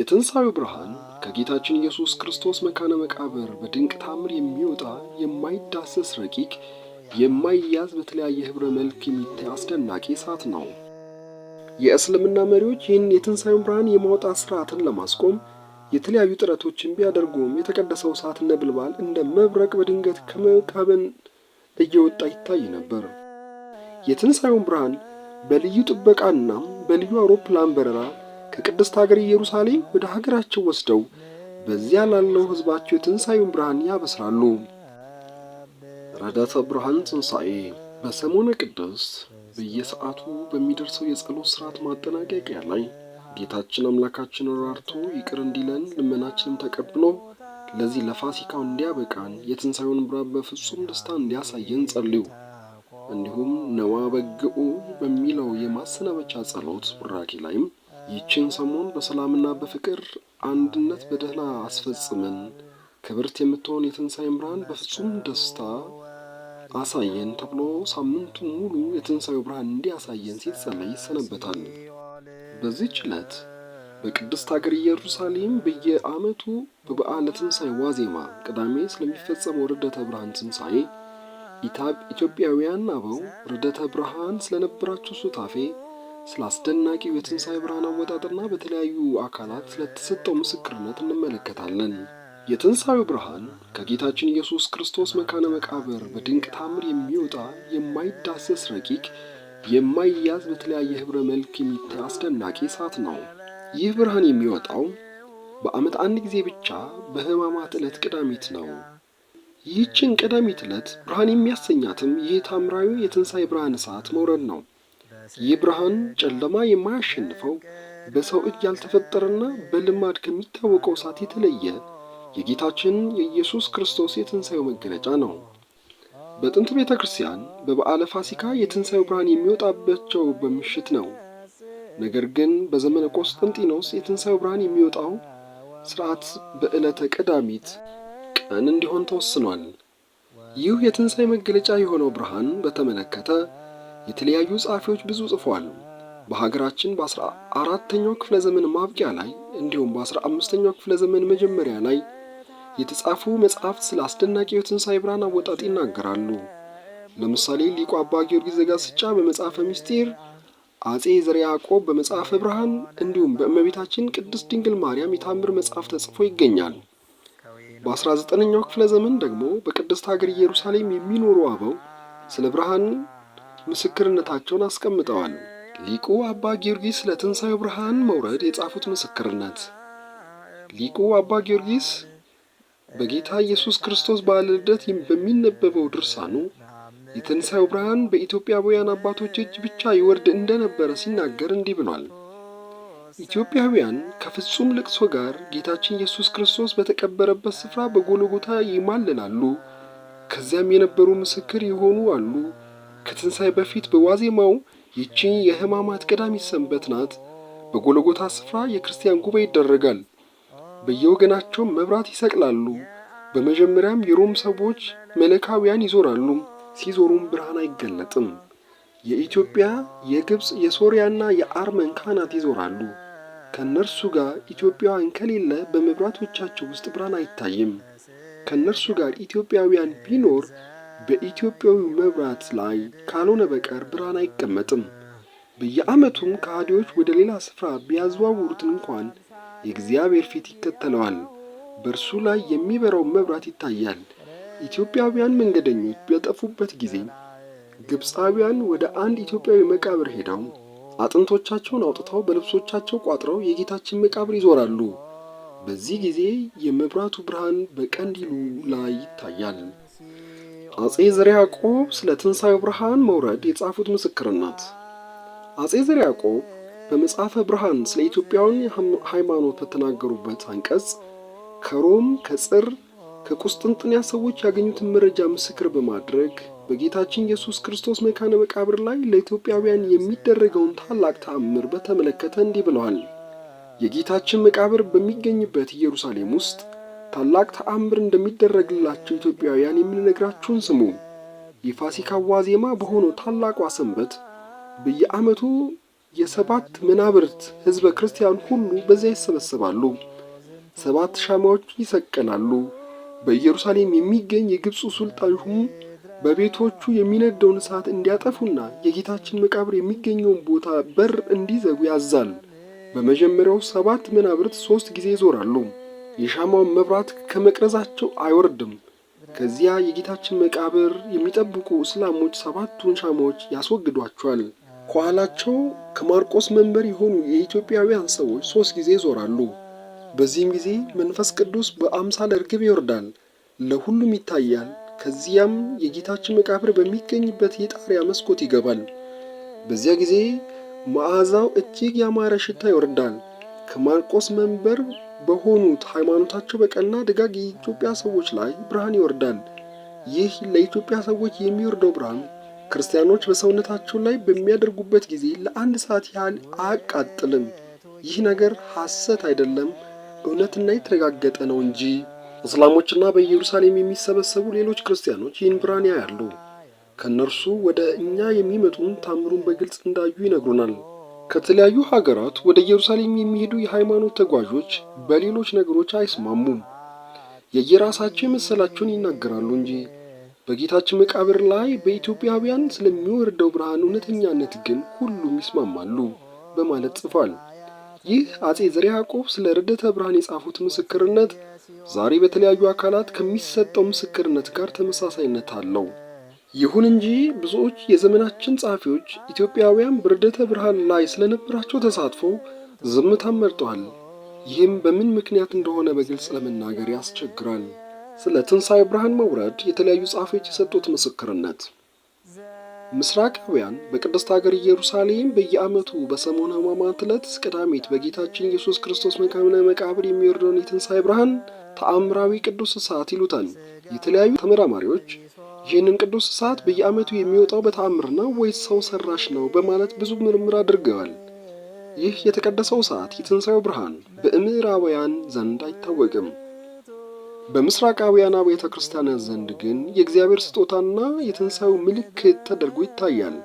የትንሣኤው ብርሃን ከጌታችን ኢየሱስ ክርስቶስ መካነ መቃብር በድንቅ ታምር የሚወጣ የማይዳሰስ ረቂቅ የማይያዝ በተለያየ ኅብረ መልክ የሚታይ አስደናቂ እሳት ነው። የእስልምና መሪዎች ይህን የትንሣኤውን ብርሃን የማውጣት ሥርዓትን ለማስቆም የተለያዩ ጥረቶችን ቢያደርጉም የተቀደሰው እሳት ነብልባል እንደ መብረቅ በድንገት ከመቃብን እየወጣ ይታይ ነበር። የትንሣኤውን ብርሃን በልዩ ጥበቃና በልዩ አውሮፕላን በረራ ከቅድስት ሀገር ኢየሩሳሌም ወደ ሀገራቸው ወስደው በዚያ ላለው ህዝባቸው የትንሣኤውን ብርሃን ያበስራሉ። ረዳተ ብርሃን ትንሣኤ በሰሞነ ቅድስት በየሰዓቱ በሚደርሰው የጸሎት ሥርዓት ማጠናቀቂያ ላይ ጌታችን አምላካችን ራርቶ ይቅር እንዲለን ልመናችንም ተቀብሎ ለዚህ ለፋሲካው እንዲያበቃን የትንሣኤውን ብርሃን በፍጹም ደስታ እንዲያሳየን ጸልዩ። እንዲሁም ነዋ በግዑ በሚለው የማሰናበቻ ጸሎት ቡራኬ ላይም ይችን ሰሞን በሰላምና በፍቅር አንድነት በደህና አስፈጽመን ክብርት የምትሆን የትንሣኤን ብርሃን በፍጹም ደስታ አሳየን ተብሎ ሳምንቱን ሙሉ የትንሣኤው ብርሃን እንዲያሳየን ሲጸለይ ይሰነበታል። በዚህች ዕለት በቅድስት አገር ኢየሩሳሌም በየዓመቱ በበዓለ ትንሣኤ ዋዜማ ቅዳሜ ስለሚፈጸመው ርደተ ብርሃን ትንሣኤ ኢትዮጵያውያን አበው ርደተ ብርሃን ስለነበራቸው ሱታፌ ስለ አስደናቂው የትንሣኤ ብርሃን አወጣጥና በተለያዩ አካላት ስለተሰጠው ምስክርነት እንመለከታለን። የትንሣኤው ብርሃን ከጌታችን ኢየሱስ ክርስቶስ መካነ መቃብር በድንቅ ታምር የሚወጣ የማይዳሰስ ረቂቅ፣ የማይያዝ በተለያየ ኅብረ መልክ የሚታይ አስደናቂ እሳት ነው። ይህ ብርሃን የሚወጣው በዓመት አንድ ጊዜ ብቻ በሕማማት ዕለት ቅዳሚት ነው። ይህችን ቅዳሚት ዕለት ብርሃን የሚያሰኛትም ይህ ታምራዊ የትንሣኤ ብርሃን እሳት መውረድ ነው። ይህ ብርሃን ጨለማ የማያሸንፈው በሰው እጅ ያልተፈጠረና በልማድ ከሚታወቀው እሳት የተለየ የጌታችን የኢየሱስ ክርስቶስ የትንሣኤው መገለጫ ነው። በጥንት ቤተ ክርስቲያን በበዓለ ፋሲካ የትንሣኤው ብርሃን የሚወጣባቸው በምሽት ነው። ነገር ግን በዘመነ ቆስጠንጢኖስ የትንሣኤው ብርሃን የሚወጣው ሥርዓት በዕለተ ቀዳሚት ቀን እንዲሆን ተወስኗል። ይህ የትንሣኤ መገለጫ የሆነው ብርሃን በተመለከተ የተለያዩ ጸሐፊዎች ብዙ ጽፈዋል። በሀገራችን በአስራ አራተኛው ክፍለ ዘመን ማብቂያ ላይ እንዲሁም በአስራ አምስተኛው ክፍለ ዘመን መጀመሪያ ላይ የተጻፉ መጽሐፍት ስለ አስደናቂ የትንሣኤ ብርሃን አወጣጥ ይናገራሉ። ለምሳሌ ሊቁ አባ ጊዮርጊስ ዘጋስጫ በመጽሐፈ ምስጢር፣ አጼ ዘርዓ ያዕቆብ በመጽሐፈ ብርሃን እንዲሁም በእመቤታችን ቅድስት ድንግል ማርያም የታምር መጽሐፍ ተጽፎ ይገኛል። በ19ኛው ክፍለ ዘመን ደግሞ በቅድስት ሀገር ኢየሩሳሌም የሚኖሩ አበው ስለ ብርሃን ምስክርነታቸውን አስቀምጠዋል። ሊቁ አባ ጊዮርጊስ ለትንሣኤው ብርሃን መውረድ የጻፉት ምስክርነት ሊቁ አባ ጊዮርጊስ በጌታ ኢየሱስ ክርስቶስ በዓለ ልደት በሚነበበው ድርሳኑ የትንሣኤው ብርሃን በኢትዮጵያውያን አባቶች እጅ ብቻ ይወርድ እንደነበረ ሲናገር እንዲህ ብሏል። ኢትዮጵያውያን ከፍጹም ልቅሶ ጋር ጌታችን ኢየሱስ ክርስቶስ በተቀበረበት ስፍራ በጎልጎታ ይማልላሉ። ከዚያም የነበሩ ምስክር የሆኑ አሉ። ከትንሣኤ በፊት በዋዜማው ይቺ የሕማማት ቀዳሚት ሰንበት ናት። በጎለጎታ ስፍራ የክርስቲያን ጉባኤ ይደረጋል። በየወገናቸው መብራት ይሰቅላሉ። በመጀመሪያም የሮም ሰዎች መለካውያን ይዞራሉ። ሲዞሩም ብርሃን አይገለጥም። የኢትዮጵያ፣ የግብፅ፣ የሶሪያና የአርመን ካህናት ይዞራሉ። ከእነርሱ ጋር ኢትዮጵያውያን ከሌለ በመብራቶቻቸው ውስጥ ብርሃን አይታይም። ከእነርሱ ጋር ኢትዮጵያውያን ቢኖር በኢትዮጵያዊ መብራት ላይ ካልሆነ በቀር ብርሃን አይቀመጥም። በየዓመቱም ከሃዲዎች ወደ ሌላ ስፍራ ቢያዘዋውሩት እንኳን የእግዚአብሔር ፊት ይከተለዋል፣ በእርሱ ላይ የሚበራው መብራት ይታያል። ኢትዮጵያውያን መንገደኞች በጠፉበት ጊዜ ግብፃውያን ወደ አንድ ኢትዮጵያዊ መቃብር ሄደው አጥንቶቻቸውን አውጥተው በልብሶቻቸው ቋጥረው የጌታችን መቃብር ይዞራሉ። በዚህ ጊዜ የመብራቱ ብርሃን በቀንዲሉ ላይ ይታያል። አጼ ዘርዓ ያዕቆብ ስለ ትንሣኤ ብርሃን መውረድ የጻፉት ምስክርናት አጼ ዘርዓ ያዕቆብ በመጽሐፈ ብርሃን ስለ ኢትዮጵያውን ሃይማኖት በተናገሩበት አንቀጽ ከሮም ከጽር ከቁስጥንጥንያ ሰዎች ያገኙትን መረጃ ምስክር በማድረግ በጌታችን ኢየሱስ ክርስቶስ መካነ መቃብር ላይ ለኢትዮጵያውያን የሚደረገውን ታላቅ ተአምር በተመለከተ እንዲህ ብለዋል። የጌታችን መቃብር በሚገኝበት ኢየሩሳሌም ውስጥ ታላቅ ተአምር እንደሚደረግላቸው ኢትዮጵያውያን የምንነግራችሁን ስሙ። የፋሲካ ዋዜማ በሆነው ታላቋ ሰንበት በየዓመቱ የሰባት መናብርት ሕዝበ ክርስቲያን ሁሉ በዚያ ይሰበሰባሉ። ሰባት ሻማዎች ይሰቀላሉ። በኢየሩሳሌም የሚገኝ የግብፁ ሱልጣን በቤቶቹ የሚነደውን እሳት እንዲያጠፉና የጌታችን መቃብር የሚገኘውን ቦታ በር እንዲዘጉ ያዛል። በመጀመሪያው ሰባት መናብርት ሦስት ጊዜ ይዞራሉ። የሻማውን መብራት ከመቅረዛቸው አይወርድም። ከዚያ የጌታችን መቃብር የሚጠብቁ እስላሞች ሰባቱን ሻማዎች ያስወግዷቸዋል። ከኋላቸው ከማርቆስ መንበር የሆኑ የኢትዮጵያውያን ሰዎች ሦስት ጊዜ ይዞራሉ። በዚህም ጊዜ መንፈስ ቅዱስ በአምሳለ እርግብ ይወርዳል፣ ለሁሉም ይታያል። ከዚያም የጌታችን መቃብር በሚገኝበት የጣሪያ መስኮት ይገባል። በዚያ ጊዜ መዓዛው እጅግ ያማረ ሽታ ይወርዳል። ከማርቆስ መንበር በሆኑት ሃይማኖታቸው በቀና ደጋግ የኢትዮጵያ ሰዎች ላይ ብርሃን ይወርዳል። ይህ ለኢትዮጵያ ሰዎች የሚወርደው ብርሃን ክርስቲያኖች በሰውነታቸው ላይ በሚያደርጉበት ጊዜ ለአንድ ሰዓት ያህል አያቃጥልም። ይህ ነገር ሐሰት አይደለም፣ እውነትና የተረጋገጠ ነው እንጂ። እስላሞችና በኢየሩሳሌም የሚሰበሰቡ ሌሎች ክርስቲያኖች ይህን ብርሃን ያያሉ። ከእነርሱ ወደ እኛ የሚመጡን ታምሩን በግልጽ እንዳዩ ይነግሩናል። ከተለያዩ ሀገራት ወደ ኢየሩሳሌም የሚሄዱ የሃይማኖት ተጓዦች በሌሎች ነገሮች አይስማሙም። የየራሳቸው የመሰላቸውን ይናገራሉ እንጂ በጌታችን መቃብር ላይ በኢትዮጵያውያን ስለሚወርደው ብርሃን እውነተኛነት ግን ሁሉም ይስማማሉ በማለት ጽፏል። ይህ አጼ ዘርዓ ያዕቆብ ስለ ርደተ ብርሃን የጻፉት ምስክርነት ዛሬ በተለያዩ አካላት ከሚሰጠው ምስክርነት ጋር ተመሳሳይነት አለው። ይሁን እንጂ ብዙዎች የዘመናችን ጸሐፊዎች ኢትዮጵያውያን በርደተ ብርሃን ላይ ስለነበራቸው ተሳትፎ ዝምታ መርጠዋል። ይህም በምን ምክንያት እንደሆነ በግልጽ ለመናገር ያስቸግራል። ስለ ትንሣኤ ብርሃን መውረድ የተለያዩ ጸሐፊዎች የሰጡት ምስክርነት ምስራቃውያን በቅድስት ሀገር ኢየሩሳሌም በየዓመቱ በሰሞነ ሕማማት ዕለት ቅዳሜት በጌታችን ኢየሱስ ክርስቶስ መካነ መቃብር የሚወርደውን የትንሣኤ ብርሃን ተአምራዊ ቅዱስ እሳት ይሉታል። የተለያዩ ተመራማሪዎች ይህንን ቅዱስ እሳት በየዓመቱ የሚወጣው በተአምር ነው ወይስ ሰው ሰራሽ ነው በማለት ብዙ ምርምር አድርገዋል። ይህ የተቀደሰው እሳት የትንሣኤው ብርሃን በምዕራባውያን ዘንድ አይታወቅም። በምስራቃውያን አብያተ ክርስቲያናት ዘንድ ግን የእግዚአብሔር ስጦታና የትንሣኤው ምልክት ተደርጎ ይታያል።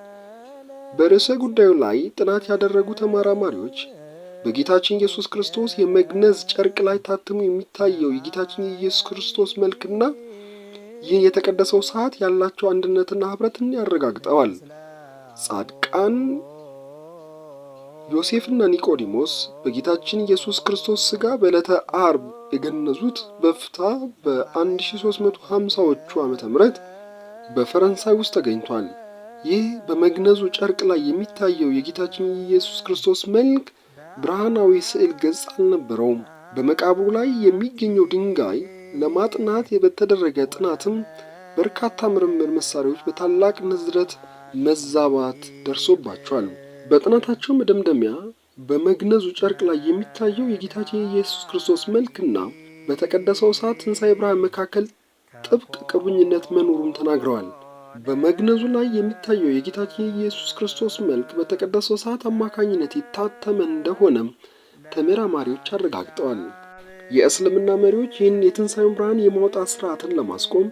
በርዕሰ ጉዳዩ ላይ ጥናት ያደረጉ ተመራማሪዎች በጌታችን ኢየሱስ ክርስቶስ የመግነዝ ጨርቅ ላይ ታትሞ የሚታየው የጌታችን የኢየሱስ ክርስቶስ መልክና ይህ የተቀደሰው ሰዓት ያላቸው አንድነትና ኅብረትን ያረጋግጠዋል። ጻድቃን ዮሴፍና ኒቆዲሞስ በጌታችን ኢየሱስ ክርስቶስ ሥጋ በዕለተ አርብ የገነዙት በፍታ በ1350ዎቹ ዓመተ ምህረት በፈረንሳይ ውስጥ ተገኝቷል። ይህ በመግነዙ ጨርቅ ላይ የሚታየው የጌታችን ኢየሱስ ክርስቶስ መልክ ብርሃናዊ ስዕል ገጽ አልነበረውም። በመቃብሩ ላይ የሚገኘው ድንጋይ ለማጥናት በተደረገ ጥናትም በርካታ ምርምር መሳሪያዎች በታላቅ ንዝረት መዛባት ደርሶባቸዋል። በጥናታቸው መደምደሚያ በመግነዙ ጨርቅ ላይ የሚታየው የጌታችን የኢየሱስ ክርስቶስ መልክና በተቀደሰው ሰዓት ትንሣኤ ብርሃን መካከል ጥብቅ ቅቡኝነት መኖሩን ተናግረዋል። በመግነዙ ላይ የሚታየው የጌታችን የኢየሱስ ክርስቶስ መልክ በተቀደሰው ሰዓት አማካኝነት የታተመ እንደሆነም ተመራማሪዎች አረጋግጠዋል። የእስልምና መሪዎች ይህን የትንሣኤውን ብርሃን የማውጣት ስርዓትን ለማስቆም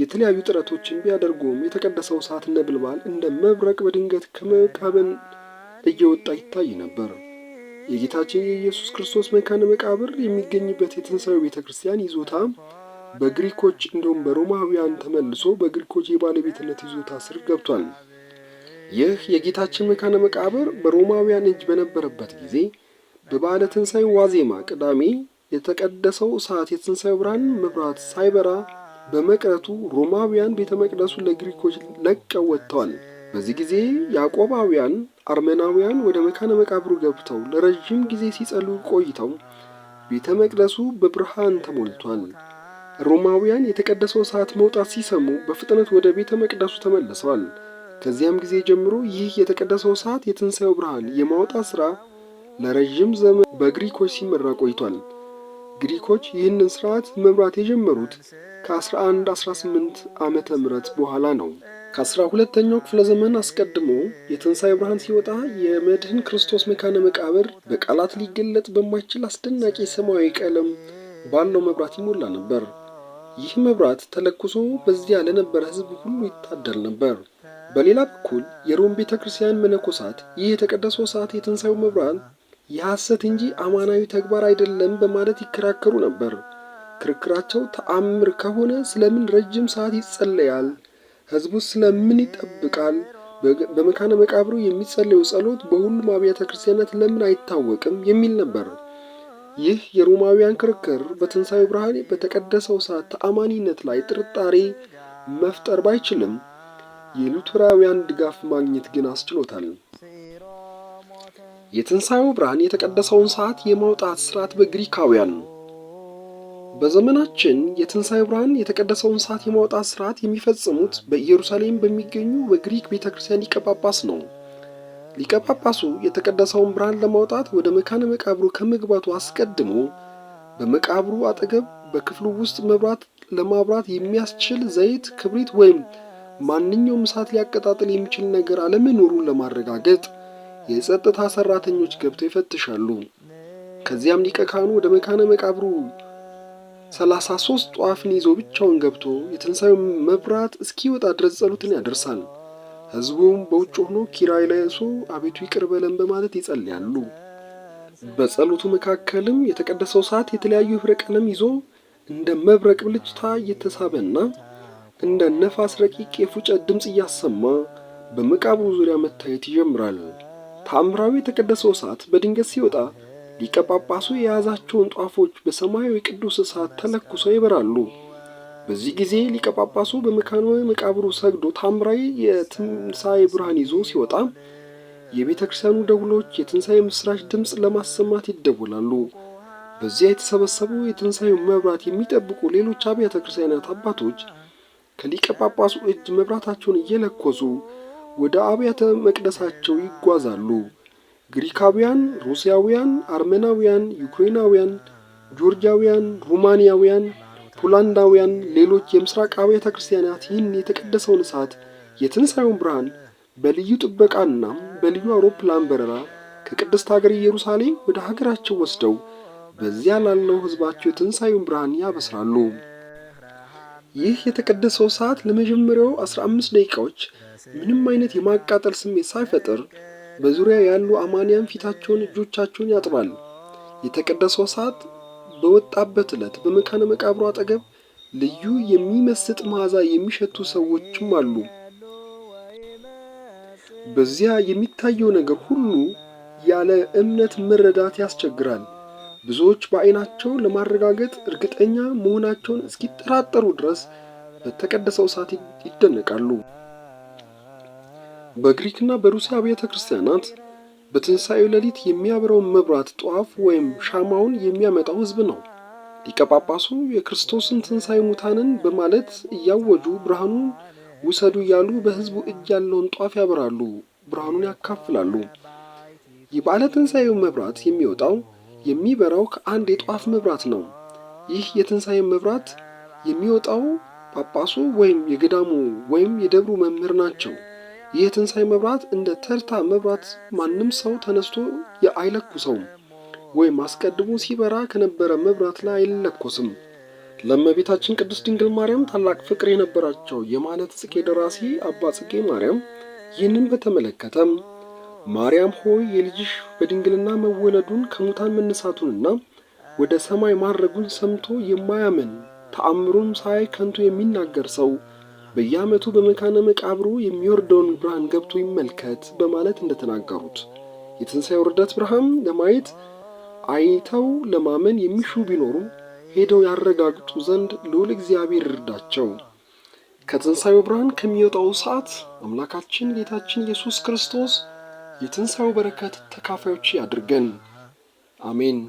የተለያዩ ጥረቶችን ቢያደርጉም የተቀደሰው እሳት ነብልባል እንደ መብረቅ በድንገት ከመቃብን እየወጣ ይታይ ነበር። የጌታችን የኢየሱስ ክርስቶስ መካነ መቃብር የሚገኝበት የትንሣኤው ቤተ ክርስቲያን ይዞታ በግሪኮች እንዲሁም በሮማውያን ተመልሶ በግሪኮች የባለቤትነት ይዞታ ስር ገብቷል። ይህ የጌታችን መካነ መቃብር በሮማውያን እጅ በነበረበት ጊዜ በባለ ትንሣኤ ዋዜማ ቅዳሜ የተቀደሰው እሳት የትንሣኤ ብርሃን መብራት ሳይበራ በመቅረቱ ሮማውያን ቤተ መቅደሱን ለግሪኮች ለቀው ወጥተዋል። በዚህ ጊዜ ያዕቆባውያን፣ አርሜናውያን ወደ መካነ መቃብሩ ገብተው ለረዥም ጊዜ ሲጸሉ ቆይተው ቤተ መቅደሱ በብርሃን ተሞልቷል። ሮማውያን የተቀደሰው ሰዓት መውጣት ሲሰሙ በፍጥነት ወደ ቤተ መቅደሱ ተመልሰዋል። ከዚያም ጊዜ ጀምሮ ይህ የተቀደሰው ሰዓት የትንሣኤው ብርሃን የማውጣት ሥራ ለረዥም ዘመን በግሪኮች ሲመራ ቆይቷል። ግሪኮች ይህንን ስርዓት መምራት የጀመሩት ከ1118 ዓመተ ምህረት በኋላ ነው። ከአስራ ሁለተኛው ክፍለ ዘመን አስቀድሞ የትንሣኤ ብርሃን ሲወጣ የመድህን ክርስቶስ መካነ መቃብር በቃላት ሊገለጥ በማይችል አስደናቂ ሰማያዊ ቀለም ባለው መብራት ይሞላ ነበር። ይህ መብራት ተለኩሶ በዚያ ለነበረ ሕዝብ ሁሉ ይታደል ነበር። በሌላ በኩል የሮም ቤተ ክርስቲያን መነኮሳት ይህ የተቀደሰው ሰዓት የትንሣኤው መብራት የሐሰት እንጂ አማናዊ ተግባር አይደለም በማለት ይከራከሩ ነበር። ክርክራቸው ተአምር ከሆነ ስለምን ረጅም ሰዓት ይጸለያል? ሕዝቡ ስለምን ይጠብቃል? በመካነ መቃብሩ የሚጸለዩ ጸሎት በሁሉም አብያተ ክርስቲያናት ለምን አይታወቅም? የሚል ነበር። ይህ የሮማውያን ክርክር በትንሣኤው ብርሃን በተቀደሰው ሰዓት ተአማኒነት ላይ ጥርጣሬ መፍጠር ባይችልም የሉትራውያን ድጋፍ ማግኘት ግን አስችሎታል። የትንሣኤው ብርሃን የተቀደሰውን ሰዓት የማውጣት ሥርዓት በግሪካውያን ነው። በዘመናችን የትንሣኤ ብርሃን የተቀደሰውን ሰዓት የማውጣት ሥርዓት የሚፈጽሙት በኢየሩሳሌም በሚገኙ በግሪክ ቤተ ክርስቲያን ሊቀ ጳጳስ ነው። ሊቀ ጳጳሱ የተቀደሰውን ብርሃን ለማውጣት ወደ መካነ መቃብሩ ከመግባቱ አስቀድሞ በመቃብሩ አጠገብ በክፍሉ ውስጥ መብራት ለማብራት የሚያስችል ዘይት፣ ክብሪት ወይም ማንኛውም እሳት ሊያቀጣጥል የሚችል ነገር አለመኖሩን ለማረጋገጥ የጸጥታ ሰራተኞች ገብተው ይፈትሻሉ። ከዚያም ሊቀ ካህኑ ወደ መካነ መቃብሩ ሰላሳ ሶስት ጧፍን ይዞ ብቻውን ገብቶ የትንሣኤው መብራት እስኪወጣ ድረስ ጸሎትን ያደርሳል። ሕዝቡም በውጭ ሆኖ ኪራይ ለእሱ አቤቱ ይቅር በለን በማለት ይጸልያሉ። በጸሎቱ መካከልም የተቀደሰው ሰዓት የተለያዩ ህብረ ቀለም ይዞ እንደ መብረቅ ብልጭታ እየተሳበና እንደ ነፋስ ረቂቅ የፉጨት ድምፅ እያሰማ በመቃብሩ ዙሪያ መታየት ይጀምራል። ታምራዊ የተቀደሰው እሳት በድንገት ሲወጣ ሊቀ ጳጳሱ የያዛቸውን ጧፎች በሰማያዊ ቅዱስ እሳት ተለኩሰው ይበራሉ። በዚህ ጊዜ ሊቀ ጳጳሱ በመካናዊ መቃብሩ ሰግዶ ታምራዊ የትንሣኤ ብርሃን ይዞ ሲወጣ የቤተ ክርስቲያኑ ደውሎች የትንሣኤ ምስራች ድምፅ ለማሰማት ይደወላሉ። በዚያ የተሰበሰቡ የትንሣኤውን መብራት የሚጠብቁ ሌሎች አብያተ ክርስቲያናት አባቶች ከሊቀ ጳጳሱ እጅ መብራታቸውን እየለኮሱ ወደ አብያተ መቅደሳቸው ይጓዛሉ። ግሪካውያን፣ ሩሲያውያን፣ አርሜናውያን፣ ዩክሬናውያን፣ ጆርጂያውያን፣ ሩማንያውያን፣ ፖላንዳውያን፣ ሌሎች የምስራቅ አብያተ ክርስቲያናት ይህን የተቀደሰውን ሰዓት የትንሣኤውን ብርሃን በልዩ ጥበቃና በልዩ አውሮፕላን በረራ ከቅድስት ሀገር ኢየሩሳሌም ወደ ሀገራቸው ወስደው በዚያ ላለው ሕዝባቸው የትንሣኤውን ብርሃን ያበስራሉ። ይህ የተቀደሰው ሰዓት ለመጀመሪያው 15 ደቂቃዎች ምንም አይነት የማቃጠል ስሜት ሳይፈጥር በዙሪያ ያሉ አማንያን ፊታቸውን፣ እጆቻቸውን ያጥባል። የተቀደሰው ሰዓት በወጣበት ዕለት በመካነ መቃብሩ አጠገብ ልዩ የሚመስጥ መዓዛ የሚሸቱ ሰዎችም አሉ። በዚያ የሚታየው ነገር ሁሉ ያለ እምነት መረዳት ያስቸግራል። ብዙዎች በዓይናቸው ለማረጋገጥ እርግጠኛ መሆናቸውን እስኪጠራጠሩ ድረስ በተቀደሰው እሳት ይደነቃሉ። በግሪክና በሩሲያ ቤተ ክርስቲያናት በትንሣኤው ሌሊት የሚያብረውን መብራት ጧፍ ወይም ሻማውን የሚያመጣው ሕዝብ ነው። ሊቀ ጳጳሱ የክርስቶስን ትንሣኤ ሙታንን በማለት እያወጁ ብርሃኑን ውሰዱ እያሉ በሕዝቡ እጅ ያለውን ጧፍ ያበራሉ፣ ብርሃኑን ያካፍላሉ። የበዓለ ትንሣኤው መብራት የሚወጣው የሚበራው ከአንድ የጧፍ መብራት ነው። ይህ የትንሣኤ መብራት የሚወጣው ጳጳሱ ወይም የገዳሙ ወይም የደብሩ መምህር ናቸው። ትንሣኤ መብራት እንደ ተርታ መብራት ማንም ሰው ተነስቶ አይለኩሰውም ወይም አስቀድሞ ሲበራ ከነበረ መብራት ላይ አይለኮስም። ለእመቤታችን ቅድስት ድንግል ማርያም ታላቅ ፍቅር የነበራቸው የማለት ጽጌ ደራሲ አባ ጽጌ ማርያም ይህንን በተመለከተም ማርያም ሆይ የልጅሽ በድንግልና መወለዱን ከሙታን መነሳቱንና ወደ ሰማይ ማድረጉን ሰምቶ የማያምን ተአምሩም ሳይ ከንቱ የሚናገር ሰው በየዓመቱ በመካነ መቃብሩ የሚወርደውን ብርሃን ገብቶ ይመልከት በማለት እንደተናገሩት የትንሣኤው ረዳት ብርሃን ለማየት አይተው ለማመን የሚሹ ቢኖሩ ሄደው ያረጋግጡ ዘንድ ልዑል እግዚአብሔር ይርዳቸው። ከትንሣኤው ብርሃን ከሚወጣው ሰዓት አምላካችን ጌታችን ኢየሱስ ክርስቶስ የትንሣኤው በረከት ተካፋዮች ያድርገን። አሜን።